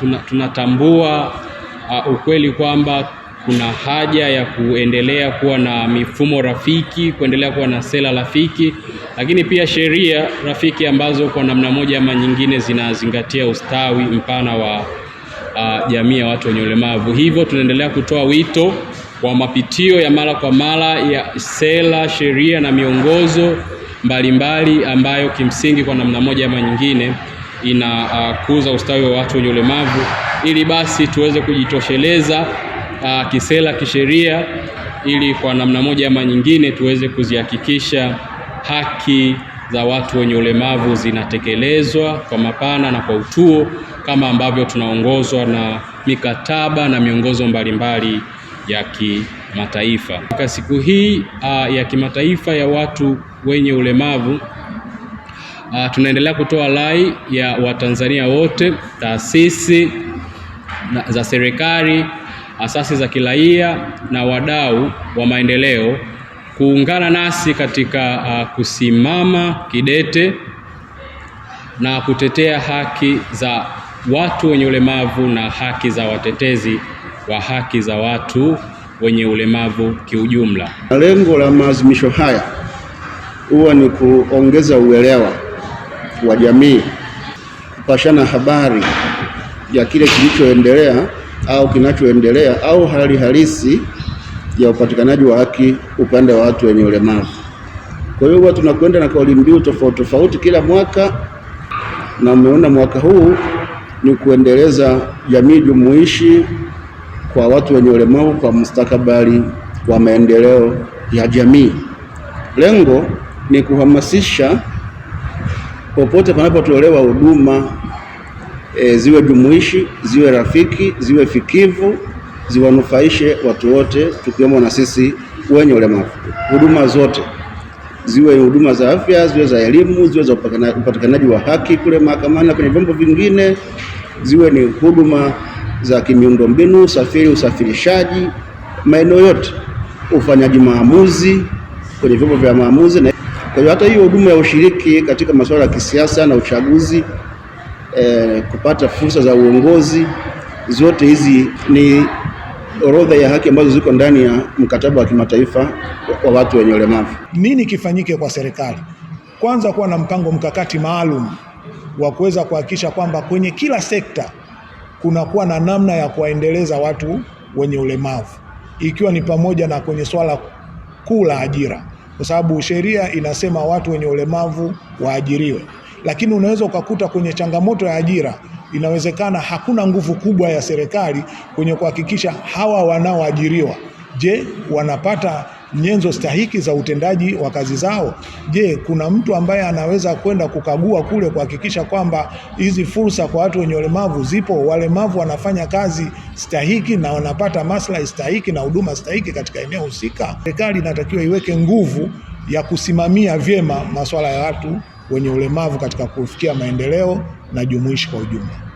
Tuna, tunatambua uh, ukweli kwamba kuna haja ya kuendelea kuwa na mifumo rafiki, kuendelea kuwa na sera rafiki, lakini pia sheria rafiki ambazo kwa namna moja ama nyingine zinazingatia ustawi mpana wa uh, jamii ya watu wenye ulemavu. Hivyo tunaendelea kutoa wito kwa mapitio ya mara kwa mara ya sera, sheria na miongozo mbalimbali mbali ambayo kimsingi kwa namna moja ama nyingine inakuza uh, ustawi wa watu wenye ulemavu, ili basi tuweze kujitosheleza uh, ah, kisera kisheria, ili kwa namna moja ama nyingine tuweze kuzihakikisha haki za watu wenye ulemavu zinatekelezwa kwa mapana na kwa utuo kama ambavyo tunaongozwa na mikataba na miongozo mbalimbali ya kimataifa. Katika siku hii uh, ya kimataifa ya watu wenye ulemavu Uh, tunaendelea kutoa rai ya Watanzania wote, taasisi za serikali, asasi za kiraia na wadau wa maendeleo kuungana nasi katika uh, kusimama kidete na kutetea haki za watu wenye ulemavu na haki za watetezi wa haki za watu wenye ulemavu kiujumla. Lengo la maadhimisho haya huwa ni kuongeza uelewa wa jamii kupashana habari ya kile kilichoendelea au kinachoendelea au hali halisi ya upatikanaji wa haki upande wa watu wenye ulemavu. Kwa hiyo huwa tunakwenda na kauli mbiu tofauti tofauti kila mwaka, na umeona mwaka huu ni kuendeleza jamii jumuishi kwa watu wenye ulemavu kwa mustakabali wa maendeleo ya jamii. Lengo ni kuhamasisha popote panapotolewa huduma e, ziwe jumuishi, ziwe rafiki, ziwe fikivu, ziwanufaishe watu wote, tukiwemo na sisi wenye ulemavu. Huduma zote ziwe huduma za afya, ziwe za elimu, ziwe za upatikanaji wa haki kule mahakamani na kwenye vyombo vingine, ziwe ni huduma za kimiundombinu, usafiri, usafirishaji, maeneo yote, ufanyaji maamuzi kwenye vyombo vya maamuzi na kwa hiyo hata hiyo huduma ya ushiriki katika masuala ya kisiasa na uchaguzi eh, kupata fursa za uongozi, zote hizi ni orodha ya haki ambazo ziko ndani ya mkataba wa kimataifa wa watu wenye ulemavu. Nini kifanyike kwa serikali? Kwanza, kuwa na mpango mkakati maalum wa kuweza kuhakikisha kwamba kwenye kila sekta kunakuwa na namna ya kuwaendeleza watu wenye ulemavu, ikiwa ni pamoja na kwenye swala kuu la ajira kwa sababu sheria inasema watu wenye ulemavu waajiriwe, lakini unaweza ukakuta kwenye changamoto ya ajira inawezekana hakuna nguvu kubwa ya serikali kwenye kuhakikisha hawa wanaoajiriwa, je, wanapata nyenzo stahiki za utendaji wa kazi zao? Je, kuna mtu ambaye anaweza kwenda kukagua kule kuhakikisha kwamba hizi fursa kwa watu wenye ulemavu zipo, walemavu wanafanya kazi stahiki na wanapata maslahi stahiki na huduma stahiki katika eneo husika? Serikali inatakiwa iweke nguvu ya kusimamia vyema masuala ya watu wenye ulemavu katika kufikia maendeleo na jumuishi kwa ujumla.